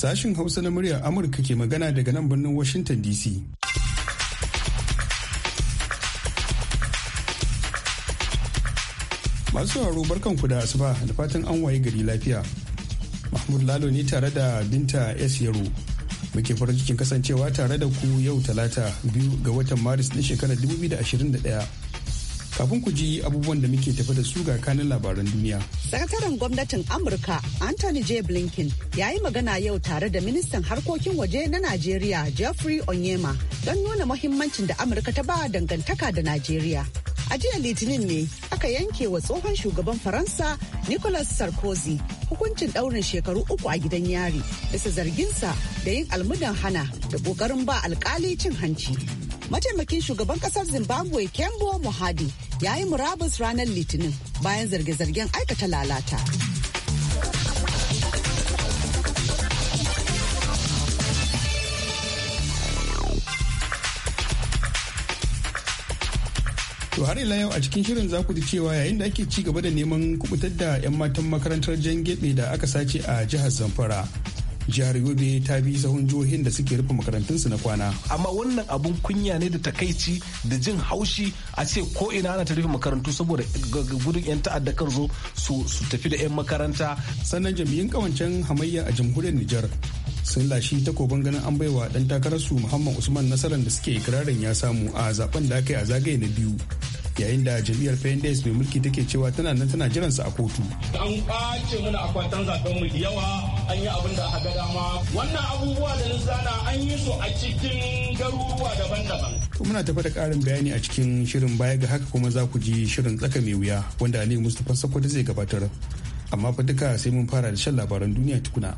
Sashin Hausa na muryar Amurka ke magana daga nan birnin Washington DC. Masu barkan ku da asuba da fatan an waye gari lafiya. Mahmud Lalo ne tare da Binta S. Yaro. Muke farin cikin kasancewa tare da ku yau talata biyu ga watan Maris na shekarar 2021. Kafin ku ji abubuwan da muke tafi da su ga kanin labaran duniya. Sakataren gwamnatin Amurka Anthony J. Blinken ya yi magana yau tare da ministan harkokin waje na Najeriya Jeffrey Onyema don nuna muhimmancin da Amurka ta ba dangantaka da Najeriya. A jiya Litinin ne aka yanke wa tsohon shugaban Faransa Nicolas Sarkozy hukuncin ɗaurin shekaru uku a gidan yari bisa zarginsa da yin almudan hana da ƙoƙarin ba alkali cin hanci. Mataimakin shugaban ƙasar Zimbabwe Kembo Mohadi ya yi murabus ranar litinin bayan zarge-zargen aikata lalata. To har ila yau a cikin shirin za ku ji cewa yayin da ake ci gaba da neman kubutar da 'yan matan makarantar jan da aka sace a jihar Zamfara. jihar yobe ta bi sahun jihohin da suke rufe makarantun su na kwana amma wannan abun kunya ne da takaici da jin haushi a ce ko ina ana ta rufe makarantu saboda gudun yan ta'adda kan zo su tafi da yan makaranta sannan jami'in kawancen hamayya a jamhuriyar nijar sun lashi takoban ganin an baiwa dan takarar su muhammad usman nasarar da suke ikirarin ya samu a zaben da aka yi a zagaye na biyu yayin da jam'iyyar fendes mai mulki take cewa tana nan tana jiransa a kotu an ɓace mana akwatan zaben mu da yawa an yi abin da aka dama wannan abubuwa da zana an yi su a cikin garuruwa daban-daban. muna tafa da karin bayani a cikin shirin baya ga haka kuma za ku ji shirin tsaka mai wuya wanda ali mustapha sakwata zai gabatar amma fa duka sai mun fara da shan labaran duniya tukuna.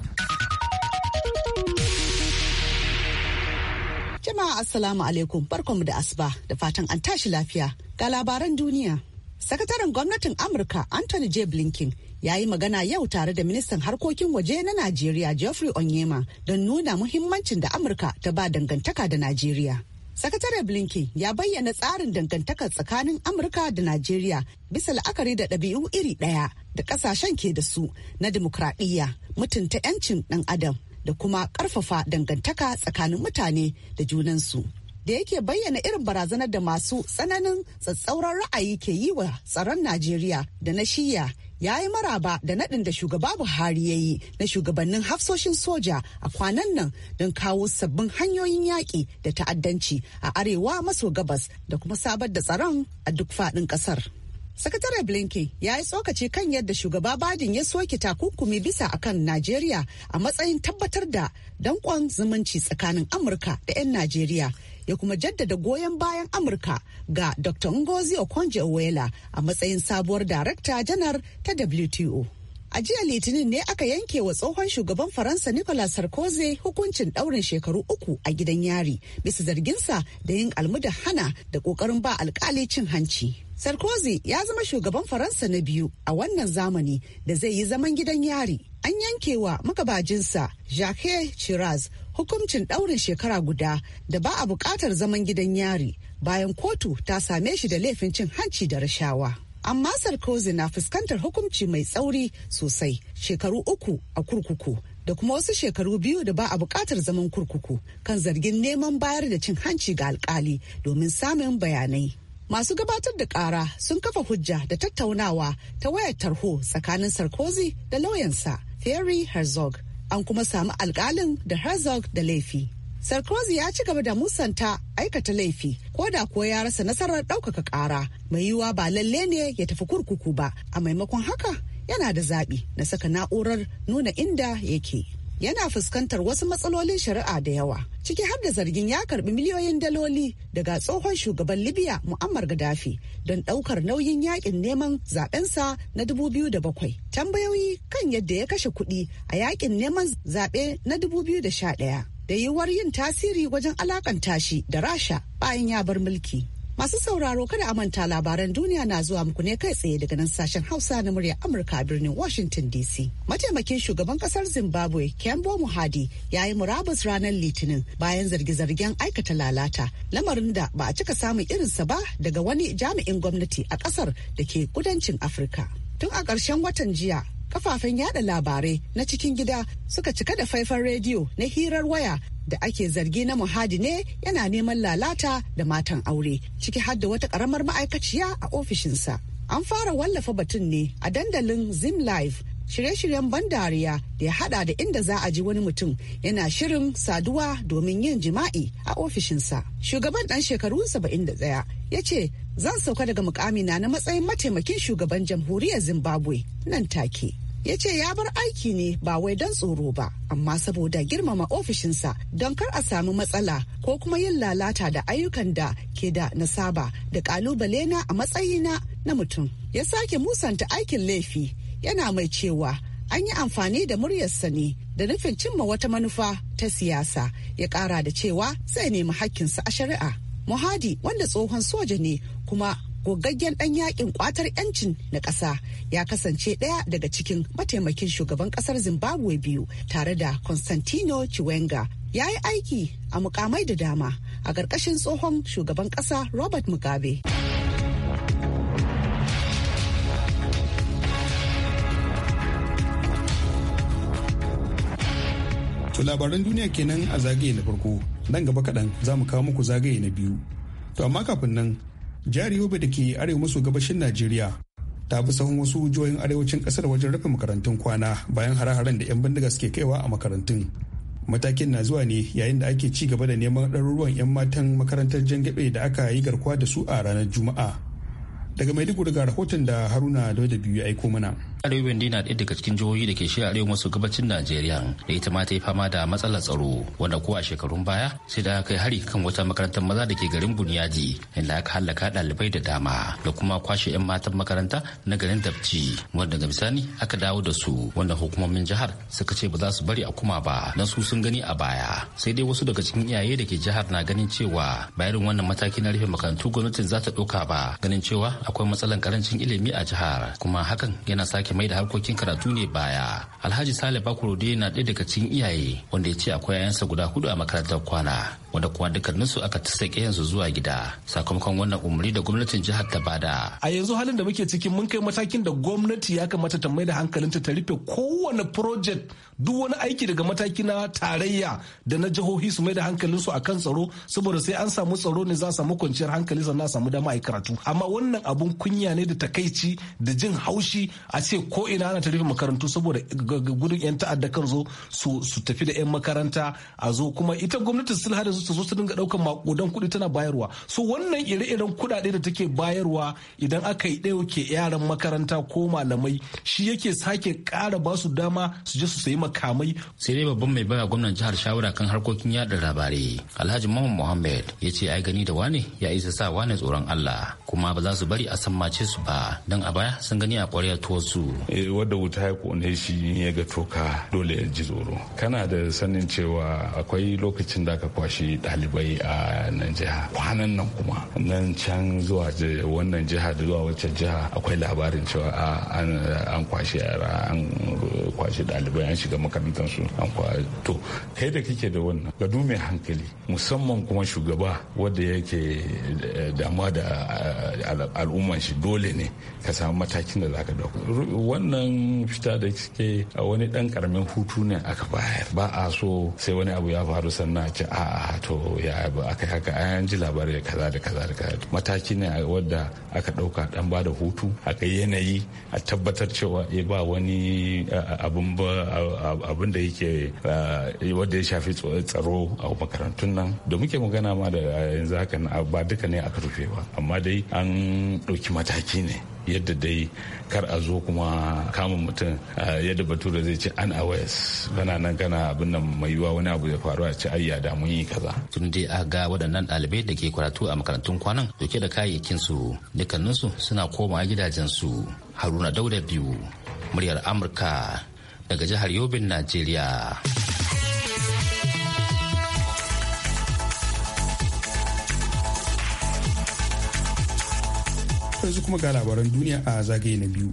jama'a assalamu alaikum barkanmu da asuba da fatan an tashi lafiya ga labaran duniya sakataren gwamnatin amurka anthony j blinken ya yi magana yau tare da ministan harkokin waje na Najeriya Geoffrey Onyema don nuna muhimmancin da Amurka ta ba dangantaka da Najeriya. Sakataren Blinken ya bayyana tsarin dangantakar tsakanin Amurka da Najeriya bisa la'akari da ɗabi'u iri ɗaya da ƙasashen ke da su na dimokuraɗiyya mutunta 'yancin ɗan adam da kuma ƙarfafa dangantaka tsakanin mutane da junansu. da yake bayyana irin barazanar da masu tsananin tsatsauran ra'ayi ke yi wa tsaron Najeriya da na shiya ya yi maraba da naɗin da shugaba Buhari ya yi na shugabannin hafsoshin soja a kwanan nan don kawo sabbin hanyoyin yaƙi da ta'addanci a arewa maso gabas da kuma sabar da tsaron a duk faɗin ƙasar. sakataren blinken ya yi tsokaci kan yadda shugaba badin ya soke takunkumi bisa a kan najeriya a matsayin tabbatar da dankon zumunci tsakanin amurka da 'yan najeriya ya kuma jaddada goyon bayan Amurka ga Dr. Ngozi Okonjo-Iweala a matsayin sabuwar darakta janar ta WTO. A jiya Litinin ne aka yanke wa tsohon shugaban Faransa Nicolas Sarkozy hukuncin ɗaurin shekaru uku a gidan yari bisa zarginsa da yin almuda hana da ƙoƙarin ba alkali cin hanci. Sarkozy ya zama shugaban Faransa na biyu a wannan zamani da zai yi zaman gidan yari. An yanke wa magabajinsa Jacques Chirac hukuncin ɗaurin shekara guda da ba a buƙatar zaman gidan yari bayan kotu ta same shi da laifin cin hanci da rashawa. Amma Sarkozy na fuskantar hukunci mai tsauri sosai shekaru uku a kurkuku da kuma wasu shekaru biyu da ba a buƙatar zaman kurkuku kan zargin neman bayar da cin hanci ga alƙali domin samun bayanai. Masu gabatar da ƙara sun kafa hujja da tattaunawa ta wayar tarho tsakanin Sarkozy da lauyansa Thierry Herzog. an kuma samu alkalin da herzog da laifi sarkozy ya ci gaba da musanta aikata laifi ko da kuwa ya rasa nasarar ɗaukaka ƙara mai yiwuwa ba lalle ne ya tafi kurkuku ba a maimakon haka yana da zaɓi na saka na'urar nuna inda yake. yana fuskantar wasu matsalolin shari'a da yawa ciki har da zargin ya karbi miliyoyin daloli daga tsohon shugaban libya muammar gaddafi don daukar nauyin yakin neman zabensa na 2007 tambayoyi kan yadda ya kashe kuɗi a yakin neman zabe na 2011 da yiwuwar yin tasiri wajen alakanta shi da rasha bayan ya bar mulki Masu sauraro kada a manta labaran duniya na zuwa muku ne kai tsaye daga nan sashen Hausa na murya Amurka a birnin Washington DC. Mataimakin shugaban kasar Zimbabwe Kembo Muhadi ya yi murabus ranar Litinin bayan zarge-zargen aikata lalata lamarin da ba a cika samun irinsa ba daga wani jami'in gwamnati a kasar da ke kudancin Afirka. Tun a ƙarshen watan jiya kafafen yada labarai na cikin gida suka cika da faifan rediyo na hirar waya da ake zargi na muhadi ne yana neman lalata da matan aure ciki har da wata karamar ma'aikaciya a ofishinsa an fara wallafa batun ne a dandalin zim live shirye-shiryen ban dariya da ya hada da inda za a ji wani mutum yana shirin saduwa domin yin jima'i a ofishinsa. Shugaban dan shekaru 71 ya ce zan sauka daga mukamina na matsayin mataimakin shugaban jamhuriyar Zimbabwe nan take. ya ce ya bar aiki ne ba wai don tsoro ba amma saboda girmama ofishinsa don kar a sami matsala ko kuma yin lalata da ayyukan da ke da nasaba da kalubale na a matsayina na mutum ya sake musanta aikin laifi yana mai cewa an yi amfani da muryarsa ne da nufin cimma wata manufa ta siyasa ya kara da cewa zai nemi hakkinsa a shari'a muhadi wanda tsohon soja ne kuma gogaggen ɗan yakin kwatar yancin na ƙasa ya kasance ɗaya daga cikin mataimakin shugaban ƙasar zimbabwe biyu tare da constantino chiwenga ya yi aiki a mukamai da dama a ƙarƙashin tsohon shugaban ƙasa robert mugabe To labaran duniya kenan a zagaye na farko nan gaba kaɗan za mu kawo muku zagaye na biyu. To amma kafin nan jihar yobe da ke arewa maso gabashin najeriya ta fi sahun wasu jihohin arewacin kasar wajen rufe makarantun kwana bayan hare-haren da 'yan bindiga suke kaiwa a makarantun matakin na zuwa ne yayin da ake ci gaba da neman ɗaruruwan 'yan matan makarantar jangabe da aka yi garkuwa da su a ranar juma'a daga maiduguri ga rahoton da haruna da biyu ya aiko mana Arewa Bendi na ɗaya daga cikin jihohi da ke shi arewa maso gabacin Najeriya da ita ma ta yi fama da matsalar tsaro wanda ko a shekarun baya sai da aka kai hari kan wata makarantar maza da ke garin Bunyaji inda aka hallaka ɗalibai da dama da kuma kwashe 'yan matan makaranta na garin Dabci wanda daga bisani aka dawo da su wanda hukumomin jihar suka ce ba za su bari a kuma ba don su sun gani a baya sai dai wasu daga cikin iyaye da ke jihar na ganin cewa bayan wannan mataki na rufe makarantu gwamnatin za ta ɗauka ba ganin cewa akwai matsalar karancin ilimi a jihar kuma hakan yana sake ke mai da harkokin karatu ne baya alhaji sale bakurude na ɗaya daga cikin iyaye wanda ya ce akwai yayansa guda hudu a makarantar kwana wanda kuma dukkaninsu aka tasake yanzu zuwa gida sakamakon wannan umri da gwamnatin jihar ta bada. A yanzu halin da muke ciki mun kai matakin da gwamnati ya kamata ta mai da hankalinta ta rufe kowane project duk wani aiki daga mataki na tarayya da na jihohi su mai da hankalinsu a kan tsaro saboda sai an samu tsaro ne za a samu kwanciyar hankali sannan a samu dama a karatu amma wannan abun kunya ne da takaici da jin haushi a ce ko ina ana ta rufe makarantu saboda gudun yan ta'adda kan zo su tafi da yan makaranta a zo kuma ita gwamnati hada su. su zo su dinga daukan makudan kuɗi tana bayarwa so wannan ire-iren kuɗaɗe da take bayarwa idan aka yi ɗauke ke yaran makaranta ko malamai shi yake sake ƙara ba su dama su je su sayi makamai sai dai babban mai baya gwamnan jihar shawara kan harkokin yada labarai alhaji muhammad muhammad ya ce ai gani da wane ya isa sa wane tsoron allah kuma ba za su bari a san mace su ba don a baya sun gani a tuwa su. Eh, wadda wuta ya kone shi ya ga toka dole ya ji tsoro kana da sanin cewa akwai lokacin da aka kwashe dalibai. ɗalibai a nan jiha kwanan nan kuma nan can zuwa wannan jiha da zuwa wacce jiha akwai labarin cewa an kwashe yara an kwashe ɗalibai an shiga makarantar su an to kai da kake da wannan gado mai hankali musamman kuma shugaba wanda yake damuwa da al'umman shi dole ne ka samu matakin da zaka dauka wannan fita da kike a wani dan karamin hutu ne aka bayar ba a so sai wani abu ya faru sannan a ce aa. to ya ba aka haka an ji labarai kaza da kaza da kaza mataki ne wadda aka dauka dan ba da hutu kai yanayi a tabbatar cewa e ba wani abun ba abun da yake wanda ya shafi tsaro a makarantun nan da muke magana ma da yanzu haka ba duka ne aka rufe ba amma dai an dauki mataki ne yadda dai kar a zo kuma kama mutum yadda bature zai ce an awes kana nan gana abin nan mai yiwa wani abu ya faru a ci ayya da mun yi kaza tun dai a ga waɗannan ɗalibai da ke karatu a makarantun kwanan dauke da kayayyakin su su suna koma gidajen su haruna dauda biyu muryar amurka daga jihar yobin najeriya yanzu kuma ga labaran duniya a zagaye na biyu.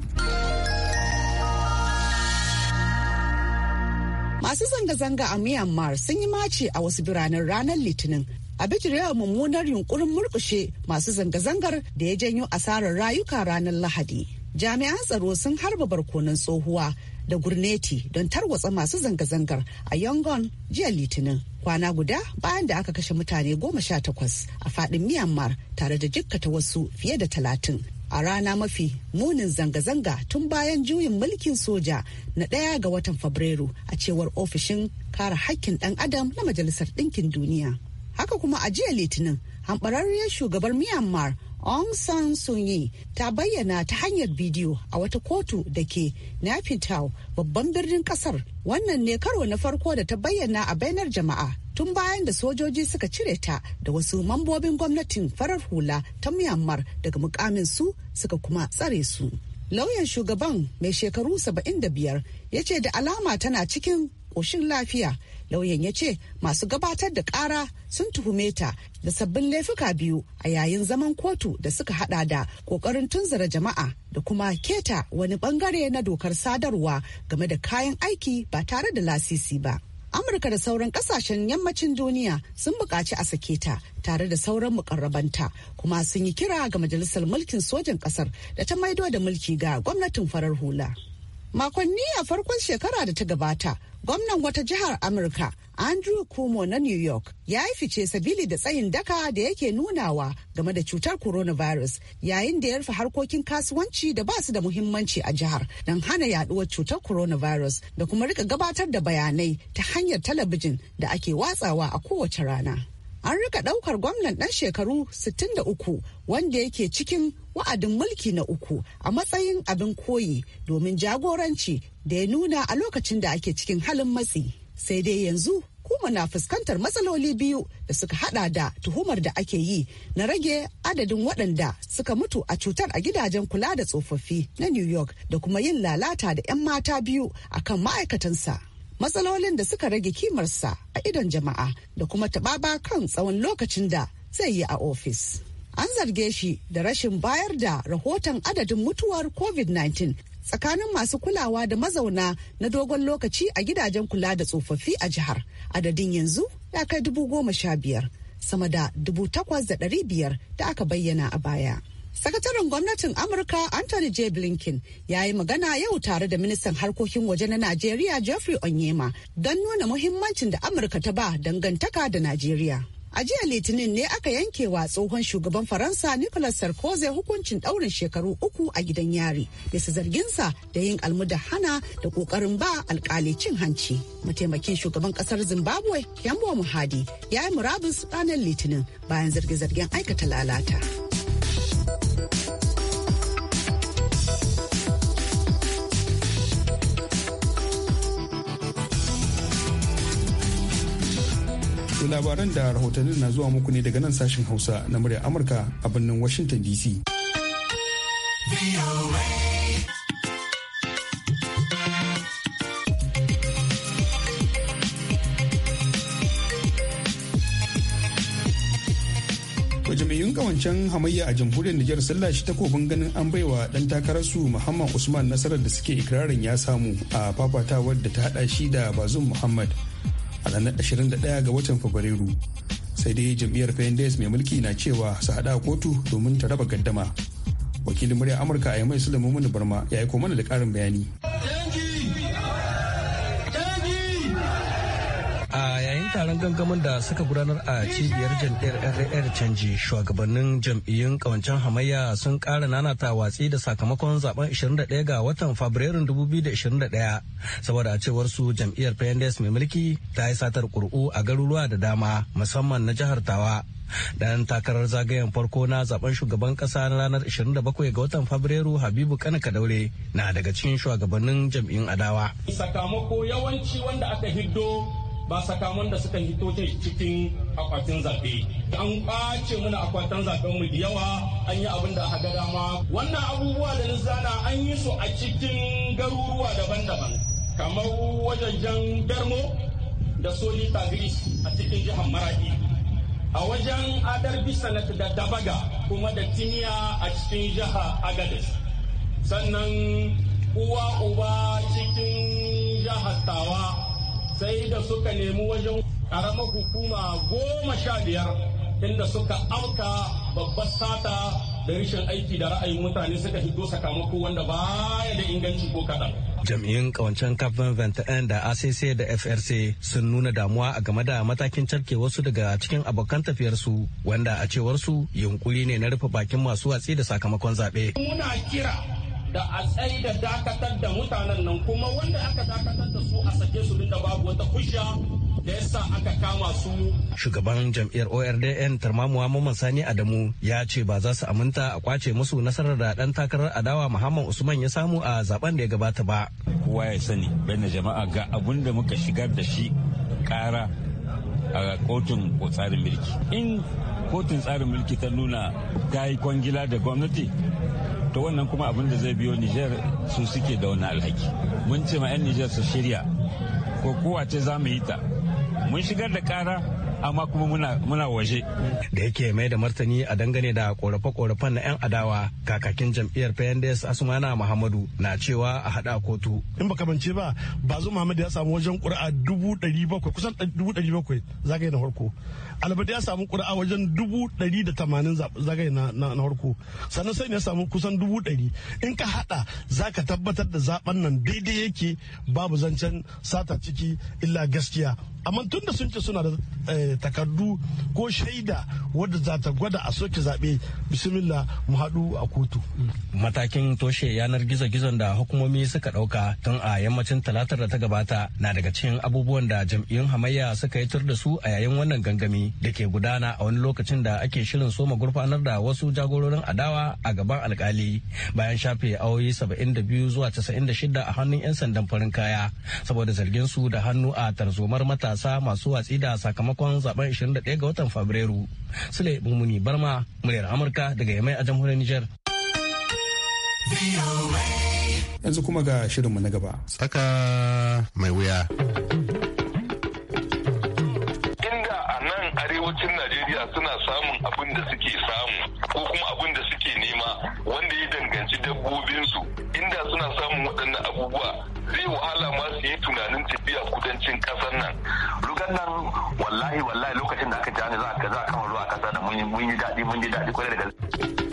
Masu zanga-zanga a Myanmar sun yi mace a wasu biranen ranar Litinin a bijirewa mummunar yunkurin murkushe masu zanga-zangar da ya janyo asarar rayuka ranar Lahadi. Jami'an tsaro sun harba barkonon tsohuwa da gurneti don tarwatsa masu zanga-zangar a Yangon jiya Litinin. kwana guda bayan da aka kashe mutane goma sha takwas a fadin myanmar tare da jikkata wasu fiye da talatin a rana mafi munin zanga-zanga tun bayan juyin mulkin soja na ɗaya ga watan fabrairu a cewar ofishin kare hakkin ɗan adam na majalisar ɗinkin duniya haka kuma a jiya litinin hambararriyar shugaban myanmar Aung San Suu Kyi ta bayyana ta hanyar bidiyo a wata kotu da ke Naypyidaw babban birnin kasar. Wannan ne karo na farko da ta bayyana a bainar jama'a tun bayan da sojoji suka cire ta da wasu mambobin gwamnatin farar hula ta Myanmar daga mukamin su suka kuma tsare su. Lauyan shugaban mai shekaru 75 ya ce da alama tana cikin ƙoshin lafiya lauyan ya ce masu gabatar da kara sun tuhume ta da sabbin laifuka biyu a yayin zaman kotu da suka hada da ƙoƙarin tunzura jama'a da kuma keta wani bangare na dokar sadarwa game da kayan aiki ba tare da lasisi ba. Amurka da sauran kasashen yammacin duniya sun buƙaci a sake ta tare da sauran mukarrabanta kuma sun yi kira ga majalisar mulkin sojan ƙasar da ta maido da mulki ga gwamnatin farar hula. Makonni a farkon shekara da ta gabata, gwamnan wata jihar Amurka, Andrew Cuomo na New York, ya yi fice sabili da tsayin daka da yake nunawa game da cutar coronavirus yayin da ya rufe harkokin kasuwanci da ba su da muhimmanci a jihar don hana yaduwar cutar coronavirus da kuma rika gabatar da bayanai ta hanyar talabijin da ake watsawa a kowace rana. an rika daukar gwamnan dan shekaru 63 wanda yake cikin wa'adin mulki na uku a matsayin abin koyi domin jagoranci da ya nuna a lokacin da ake cikin halin matsi sai dai yanzu kuma na fuskantar matsaloli biyu da suka hada da tuhumar da ake yi na rage adadin waɗanda suka mutu a cutar a gidajen kula da tsofaffi na new york da kuma yin lalata da 'yan mata biyu akan ma'aikatansa matsalolin da suka rage kimarsa a idon jama'a da kuma taɓaba kan tsawon lokacin da zai yi a ofis. An zarge shi da rashin bayar da rahoton adadin mutuwar COVID-19 tsakanin masu kulawa da mazauna na dogon lokaci a gidajen kula da tsofaffi a jihar. Adadin yanzu ya kai dubu goma sha biyar, sama da dubu takwas da ɗari biyar da aka bayyana a baya. Sakataren gwamnatin Amurka Anthony J. Blinken ya yi magana yau tare da ministan harkokin waje na Najeriya Jeffrey Onyema don nuna muhimmancin da Amurka ta ba dangantaka da Najeriya. A jiya Litinin ne aka yanke wa tsohon shugaban Faransa Nicolas Sarkozy hukuncin ɗaurin shekaru uku a gidan yari bisa zarginsa da yin almuda hana da ƙoƙarin ba alƙali cin hanci. Mataimakin shugaban ƙasar Zimbabwe Yambo Muhadi ya yi murabus ranar Litinin bayan zarge-zargen aikata lalata. To labaran da rahotannin na zuwa muku ne daga nan sashen Hausa na murya Amurka a birnin Washington DC. jami'un kawancen hamayya a jamhuriyar Nijar sun lashe takobin ganin an baiwa dan takararsu Muhammad Usman nasarar da suke ikirarin ya samu a fafatawar da ta hada shi da Bazum Muhammad ranar 21 ga watan fabrairu sai dai jam'iyyar fendes mai mulki na cewa su hada kotu domin ta raba gaddama wakilin murya amurka a yamai sulaiman barma ya aiko mana da karin bayani taron gangamin da suka gudanar a cibiyar jam'iyyar rar canji shugabannin jam'iyyun kawancen hamayya sun kara nanata watsi da sakamakon zaben 21 ga watan fabrairun 2021 saboda a cewar su jam'iyyar pnds mai mulki ta yi satar ƙuri'u a garuruwa da dama musamman na jihar tawa dan takarar zagayen farko na zaben shugaban kasa na ranar 27 ga watan fabrairu habibu kana kadaure na daga cikin shugabannin jam'iyyun adawa sakamako yawanci wanda aka hiddo ba sakamon da suka hito cikin akwatin zaɓe an ɓace mana akwatin zaɓen mu da yawa an yi abin da aka dama wannan abubuwa da zana an yi su a cikin garuruwa daban-daban kamar wajen bermo da soli tagris a cikin jihar maradi a wajen adar bisanat da dabaga kuma da tiniya a cikin jihar Agadis, sannan uwa uba cikin jihar tawa sai da suka nemi wajen karamar hukuma goma sha biyar inda suka auka babbar sata da rashin aiki da ra'ayin mutane suka hito sakamako wanda baya da inganci ko kaɗan. jami'in kawancen kafin 21 da ACC da FRC sun nuna damuwa a game da matakin carke wasu daga cikin abokan tafiyarsu wanda a cewar su yunkuri ne na rufe bakin masu watsi da sakamakon zaɓe. Muna kira da a tsai da dakatar da mutanen nan kuma wanda aka dakatar da su a sake su da babu wata kusha da yasa aka kama su. Shugaban jam'iyyar ORDN Tarmamu Muhammad Sani Adamu ya ce ba za su aminta a kwace musu nasarar da dan takarar adawa Muhammad Usman ya samu a zaben da ya gabata ba. Kowa ya sani bayan jama'a ga abun da muka shigar da shi kara a kotun tsarin mulki. In kotun tsarin mulki ta nuna ta yi kwangila da gwamnati to wannan kuma abin da zai biyo niger su suke da wani alhaki mun ce ma 'yan niger su shirya ko kowace za mu yi ta mun shigar da kara amma kuma muna muna waje da yake mai da martani a dangane da korafe-korafen na 'yan adawa kakakin jam'iyyar PNDS Asumana Muhammadu na cewa a hada kotu in baka bance ba bazu Muhammadu ya samu wajen ƙura'a dubu ɗari bakwai kusan dubu ɗari bakwai zagaye na farko albadu ya samu ƙura'a wajen dubu ɗari da tamanin zagaye na farko sannan sai ya samu kusan dubu ɗari in ka hada za ka tabbatar da zaben nan daidai yake babu zancen sata ciki illa gaskiya amma tun da sun ce suna da eh, takardu ko shaida wadda za ta gwada a soke zaɓe bismillah mu haɗu a kotu. matakin toshe yanar gizo-gizon da hukumomi suka ɗauka tun a yammacin talatar da ta gabata na daga cikin abubuwan da jam'iyyun hamayya suka yi tur da su a yayin wannan gangami da ke gudana a wani lokacin da ake shirin soma gurfanar da wasu jagororin adawa a gaban alkali bayan shafe awoyi 72 zuwa shida a hannun 'yan sandan farin kaya saboda zargin su da hannu a tarzomar matasa masu watsi da sakamakon gabanin zaben 21 ga watan Fabrairu. Sule Mumuni Barma, muryar Amurka daga Yamai a jamhuriyar Nijar. Yanzu kuma ga shirinmu na gaba. Tsaka mai wuya. Inda a nan arewacin Najeriya suna samun abin da suke samu ko kuma abin da suke nema wanda ya danganci dabbobinsu inda suna samun waɗannan abubuwa zai wahala ma su yi tunanin tafiya kudancin kasar nan rugan nan wallahi wallahi lokacin da aka ji za a kama ruwa kasa da mun yi daɗi mun yi daɗi kwarai da gaske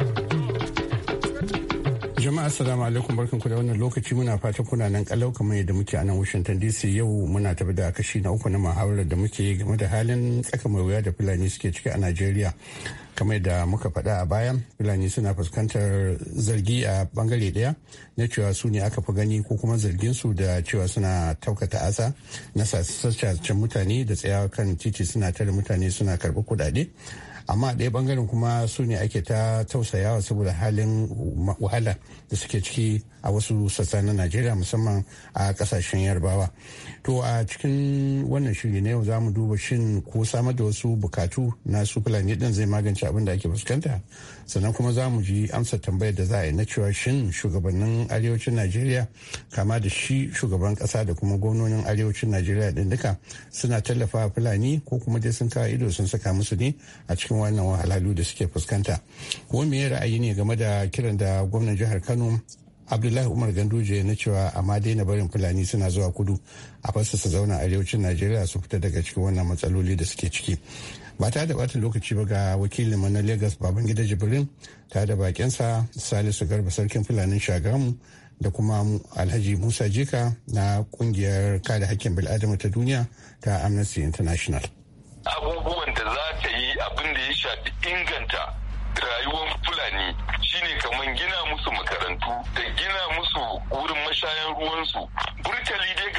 jama'a assalamu alaikum ku da wannan lokaci muna fata kuna nan kalau kamar yadda muke a nan washington dc yau muna tafi da kashi na uku na muhawarar da muke game da halin tsaka mai wuya da fulani suke ciki a najeriya kamar da muka faɗa a baya fulani suna fuskantar zargi a bangare ɗaya na cewa su ne aka fi gani ko kuma zargin su da cewa suna taukata asa na sassacen mutane da tsayawa kan titi suna tare mutane suna karɓi kuɗaɗe amma ɗaya bangaren kuma su ne ake ta tausayawa saboda halin wahala da suke ciki a wasu sassa na najeriya musamman a kasashen yarbawa to a cikin wannan shiri na yau za mu duba shin ko samar da wasu bukatu na su fulani ɗin zai magance abin da ake fuskanta sannan kuma za mu ji amsa tambayar da za a yi na cewa shin shugabannin arewacin najeriya kama da shi shugaban kasa da kuma gwamnonin arewacin najeriya din duka suna tallafa fulani ko kuma dai sun kawo ido sun saka musu ne a cikin wannan wahalhalu da suke fuskanta ko me ra'ayi ne game da kiran da gwamnan jihar kano abdullahi umar ganduje na cewa amma dai na barin fulani suna zuwa kudu a fasa su zauna arewacin najeriya su fita daga cikin wannan matsaloli da suke ciki ba ta da bata lokaci ba ga wakilin na lagos gida jibrin ta da bakinsa salisu garba sarkin fulanin shagamu da kuma alhaji musa jika na kungiyar kada hakkin bil'adama ta duniya ta amnesty international abubuwan da za ta yi abin da ya shafi inganta rayuwar fulani shine kamar gina musu makarantu da gina musu wurin mashayan ruwansu burtali dai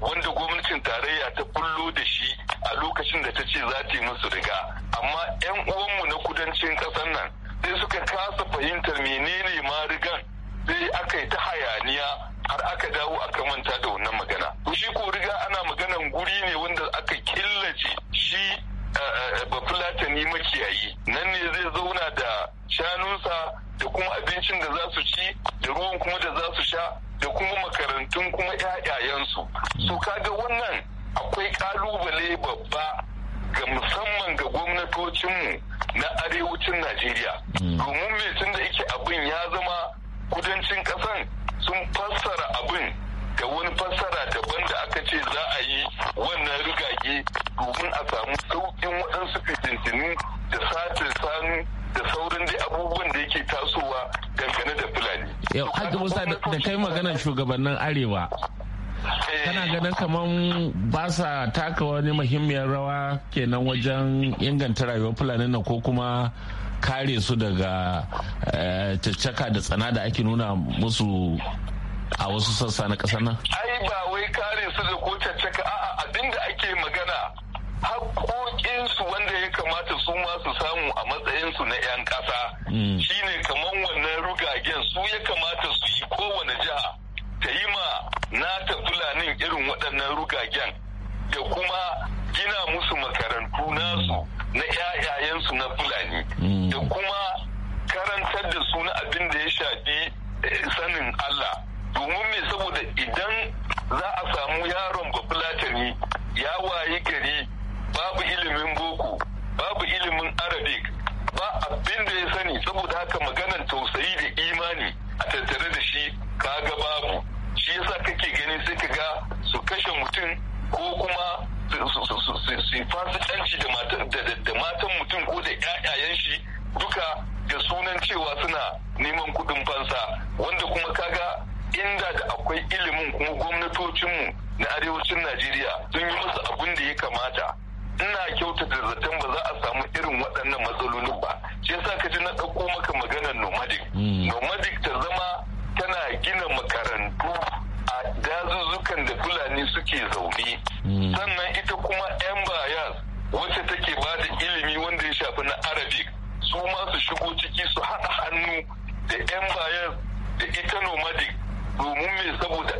wanda gwamnatin tarayya ta bullo da shi a lokacin da ta ce za ta yi musu riga amma 'yan uwanmu na kudancin ƙasar nan sai suka kasa fahimtar menene ma rigan sai aka yi ta hayaniya har aka dawo aka manta da wannan magana shi ko riga ana maganan guri ne wanda aka killace shi eh, eh, bafulatani makiyayi nan ne zai zauna da shanunsa da kuma abincin da za su ci da ruwan kuma da za su sha da kuma makarantun kuma 'ya'ya su ka ga wannan akwai kalubale babba ga musamman ga gwamnatocinmu na arewacin najeriya mm. domin mai tun da ike abin ya zama kudancin kasan sun fassara abin da wani fassara daban da aka ce za a yi wannan rigage domin a samu sauƙin waɗansu fitintinu da satin sanu da saurin dai abubuwan da yake tasowa dangane da fulani. yau hajji musa da kai maganar shugabannin arewa Eh. kana ganin kaman ba sa taka wani muhimmiyar rawa kenan wajen inganta rayuwar fulani na ko kuma kare su daga eh, caccaka da tsana da ake nuna musu a wasu sassa na kasar nan? Ai ba wai kare su da ko caccaka a'a abinda ake magana haƙoƙinsu wanda ya kamata su ma su samu a matsayinsu na 'yan ƙasa mm. shine kaman wannan rugagen su ya gagen da kuma gina musu makarantu nasu na 'ya'yayensu na fulani da mm. kuma karantar da su na abin da ya shafi eh, sanin Allah domin me saboda idan za a samu yaron bafulatani ya wayi gari babu ilimin boko babu ilimin arabic kashe mutum ko kuma su fasikanci da matan mutum ko da 'ya'yayen shi duka da sunan cewa suna neman kuɗin fansa wanda kuma kaga inda da akwai ilimin kuma gwamnatocinmu na arewacin najeriya sun yi musu abin da ya kamata ina kyautata zaton ba za a samu irin waɗannan matsalolin ba shi yasa ka ji na ɗauko maka maganar nomadic hmm. nomadic saboda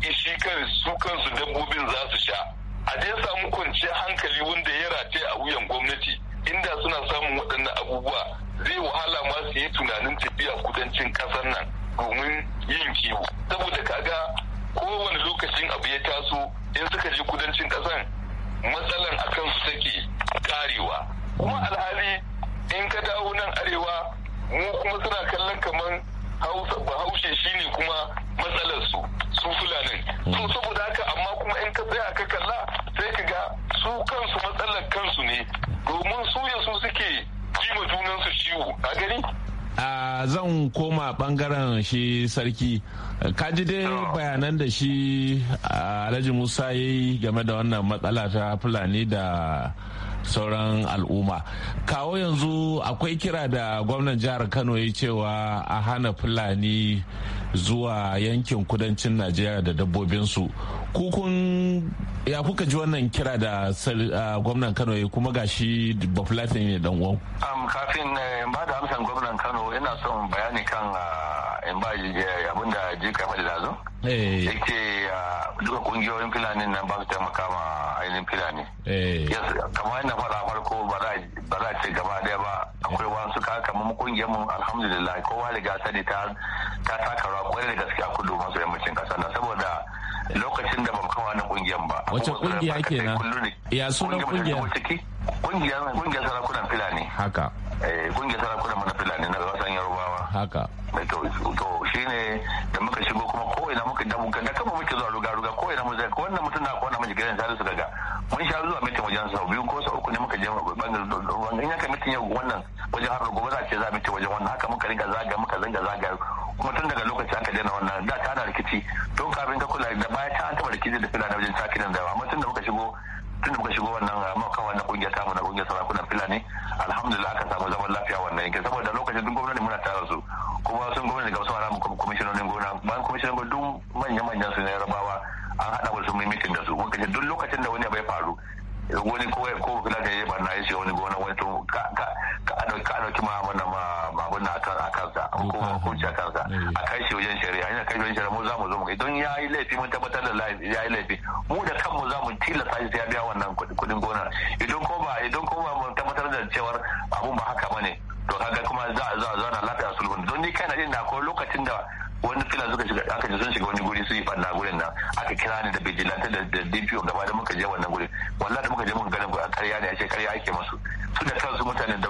shi kan su kansu dabbobin za su sha a dai samu kwanciyar hankali wanda ya rataya a wuyan gwamnati inda suna samun waɗannan abubuwa zai wahala ma su yi tunanin tafiya kudancin ƙasar nan domin yin kiwo saboda kaga kowane lokacin abu ya taso in suka je kudancin ƙasar matsalan a kansu take karewa kuma alhali in ka dawo nan arewa mu kuma suna kallon kamar bahaushe shine kuma matsalar su su fulani to mm. saboda haka amma kuma in ka tsaya ka kalla sai ka ga su kansu matsalar kansu ne domin su yanzu suke jima junansu ciwo ka gani Uh, zan koma bangaren shi sarki kaji dai ah. bayanan da shi alhaji musa ya yi game da wannan matsala ta fulani da sauran al'umma kawo yanzu akwai kira da gwamnan jihar kano ya cewa a hana fulani zuwa yankin kudancin najeriya da dabbobinsu kukun ya kuka ji wannan kira da gwamnan kano ya kuma gashi bafulatin ne dan uwan kafin eh, ba da amsan gwamnan kano yana son bayani kan ah, in ba eh, abin da jika faɗi da zo eh. yake ah, duka kungiyoyin filanin nan ba su taimaka ma ainihin filani. Eh. kamar yadda faɗa farko ba za a ce gaba ɗaya ba akwai wasu ka kamar kungiyar mu alhamdulillah kowa da gasa ne ta taka rawa kwarai da gaske a kudu masu yammacin ƙasa na saboda lokacin da ba mu kawo kungiyar ba. Wace kungiya ke na Ya sunan kungiya? Kungiyar sarakunan filani. Haka. Eh, kungiyar sarakunan mana filani. haka to da muka shigo kuma ko ina muka da muka da kama muke zuwa ruga ruga ko ina daga mun sha aka daina wannan da ta na rikici don kafin ka kula da baya ta taba rikici da fulani wajen takinan da amma tun da muka tun da muka shigo wannan maka wannan kungiyar tamu na kungiyar sarakunan fulani alhamdulillah aka samu zaman lafiya wannan yankin saboda lokacin duk gwamnati muna tara su kuma sun gwamnati ga suna mu kwamishinonin gona bayan kwamishinan gona duk manya-manyan su ne rabawa an haɗa wasu mai mitin da su muka duk lokacin da wani abai faru wani ko ko kula da ya na ya shiga wani gona wani to ka ka ka ɗauki ma wannan hukuma hukunci a kansa eh. a kai shi wajen shari'a ina kai wajen shari'a mu za mu zo mu idan ya yi laifi mun tabbatar da ya yi laifi mu da kanmu za mu tilasta shi ya biya wannan kuɗin gonar idan ko ba idan ko ba mu tabbatar da cewar abun ba haka bane to kaga kuma za za za na lafiya sulhun don ni kana din na ko lokacin da wani fila suka shiga aka ji sun shiga wani guri su yi fanna gurin nan aka kira ni da bijilanta da da DPO gaba da muka je wannan guri wallahi da muka je muka ganin a karya ne a ce ƙarya ake masu su da kansu mutanen da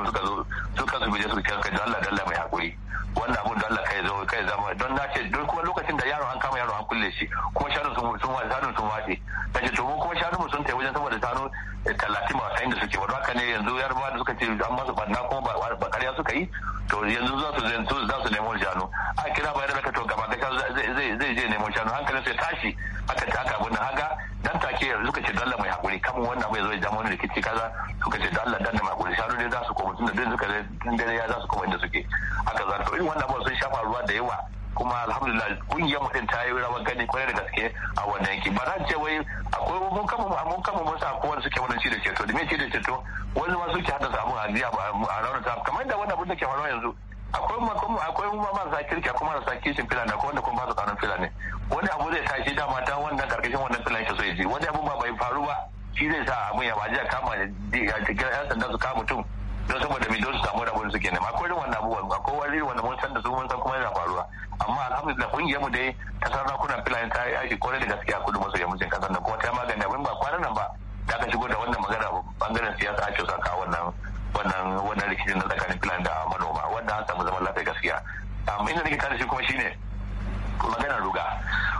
musulmi ce da ceto wani ma suke hada samun ajiya a ta kamar da wani abinda ke faruwa yanzu akwai ma kuma akwai ma sa kirki kuma sa kishin fila akwai wanda kuma ba su kanun fila ne wani abu zai tashi dama ta wannan karkashin wannan fila ke so ya ji wani abu ba bai faru ba shi zai sa abun ya baji a kama da cikin yan sanda su kama mutum don saboda mai don su samu rabon su kenan akwai irin wannan abubuwan akwai wani irin wanda mun san da su mun san kuma yana faruwa amma alhamdulillah kungiyar mu dai ta sarakunan filayen ta yi aiki kwarai da gaskiya kudu maso yammacin kasar nan kuma ta magani abin ba kwanan nan ba da aka shigo da bangaren siyasa ake sa ka wannan wannan wannan rikicin na tsakanin filan da manoma wanda an samu zaman lafiya gaskiya inda nake tare shi kuma shine magana ruga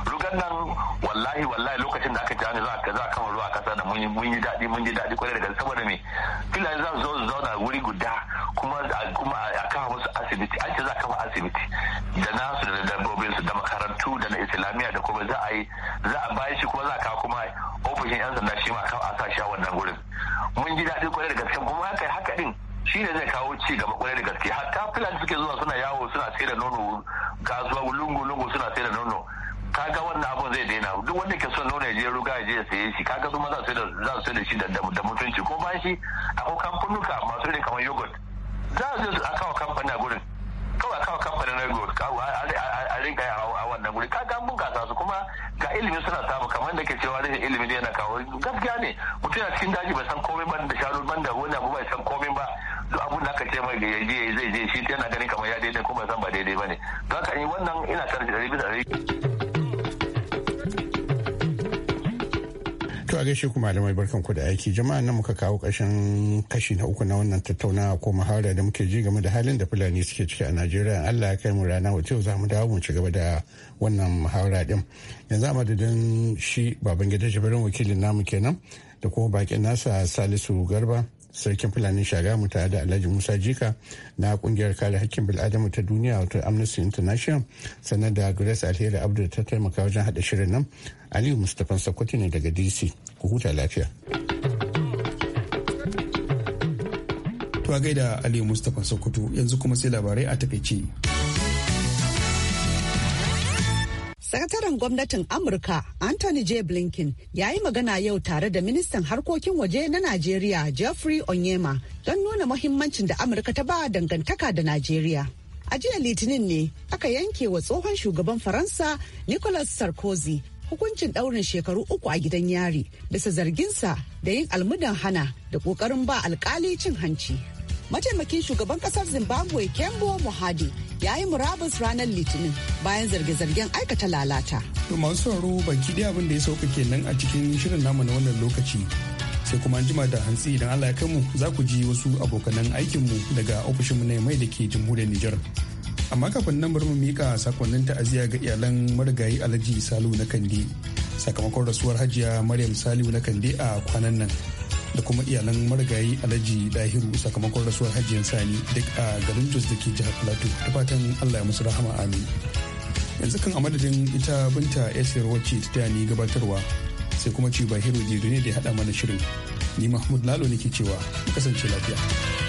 rugan nan wallahi wallahi lokacin da aka ji za ka za a kama ruwa kasa da mun mun yi dadi mun yi dadi kwarai da saboda me filan za su zo su zauna wuri guda kuma kuma a kawo musu asibiti an ce za a asibiti da nasu da dabbobin su da makarantu da na islamiyya da kuma za a yi za a bayan shi kuma za a kawo kuma ofishin yan sanda shi ma kawo a sa shi a wannan gurin mun ji daɗi kwarai da gaske kuma haka haka din shi ne zai kawo ci gaba kwarai da gaske hatta fulani suke zuwa suna yawo suna sai da nono kasuwa lungu lungu suna sai da nono kaga wannan abun zai daina duk wanda ke son nono ya je ruga ya je ya saye shi kaga su ma za su sai da shi da mutunci ko ba shi akwai kamfanuka masu ne kamar yogurt za su je a kawo kamfani a gurin na gold a rinka yi a wannan guri ka an bunkasa su kuma ga ilimin suna samu kamar da ke cewa rashin ilimi ne yana kawo gaskiya ne mutum yana cikin daji bai san komai ba da shanu ban da wani abu bai san komai ba duk abun da aka ce mai da yaje zai je shi yana ganin kamar ya daidai kuma ba san ba daidai ba ne don haka eh, wannan ina tarjiri bisa a gaishe ku malamai barkan ku da aiki jama'a nan muka kawo ƙarshen kashi na uku na wannan tattaunawa ko muhawara da muke ji game da halin da Fulani suke ciki a Najeriya Allah ya kai mu rana wacce za mu dawo mu ci gaba da wannan muhawara din. Yanzu a madadin shi Babangida Jibrin wakilin namu kenan da kuma bakin nasa Salisu Garba sarkin Fulani mu tare da Alhaji Musa Jika na kungiyar kare hakkin bil'adama ta duniya wato Amnesty International sannan da Grace Alheri Abdul ta taimaka wajen haɗa shirin nan Aliyu Mustapha Sakwati ne daga DC. ku huta lafiya. To a gaida Ali Mustapha Sokoto yanzu kuma sai labarai a takaice. Sakataren gwamnatin Amurka Anthony J. Blinken ya yi magana yau tare da ministan harkokin waje na Najeriya Jeffrey Onyema don nuna muhimmancin da Amurka ta ba dangantaka da Najeriya. A jiya Litinin ne aka yanke wa tsohon shugaban Faransa Nicolas Sarkozy hukuncin ɗaurin shekaru uku a gidan yari bisa zarginsa da yin almudan hana da kokarin ba alkali cin hanci. Mataimakin shugaban ƙasar Zimbabwe Kembo Mohadi ya yi murabus ranar Litinin bayan zarge-zargen aikata lalata. Masu sauraro baki dai abin da ya sauka kenan a cikin shirin namu na wannan lokaci. sai kuma jima da hantsi idan Allah ya kanmu za ku ji wasu abokanan aikinmu daga ofishinmu na mai da ke jamhuriyar Nijar amma kafin nan bari mu mika sakonnin ta'aziyya ga iyalan marigayi alhaji salu na kande sakamakon rasuwar hajiya maryam salu na kande a kwanan nan da kuma iyalan marigayi alhaji dahiru sakamakon rasuwar hajiyar sani duk a garin jos da ke jihar plateau da fatan allah ya musu rahama amin yanzu kan a madadin ita binta sayarwa wacce ta taya ni gabatarwa sai kuma ci bahiro ne da ya haɗa mana shirin ni mahmud lalo ne ke cewa kasance lafiya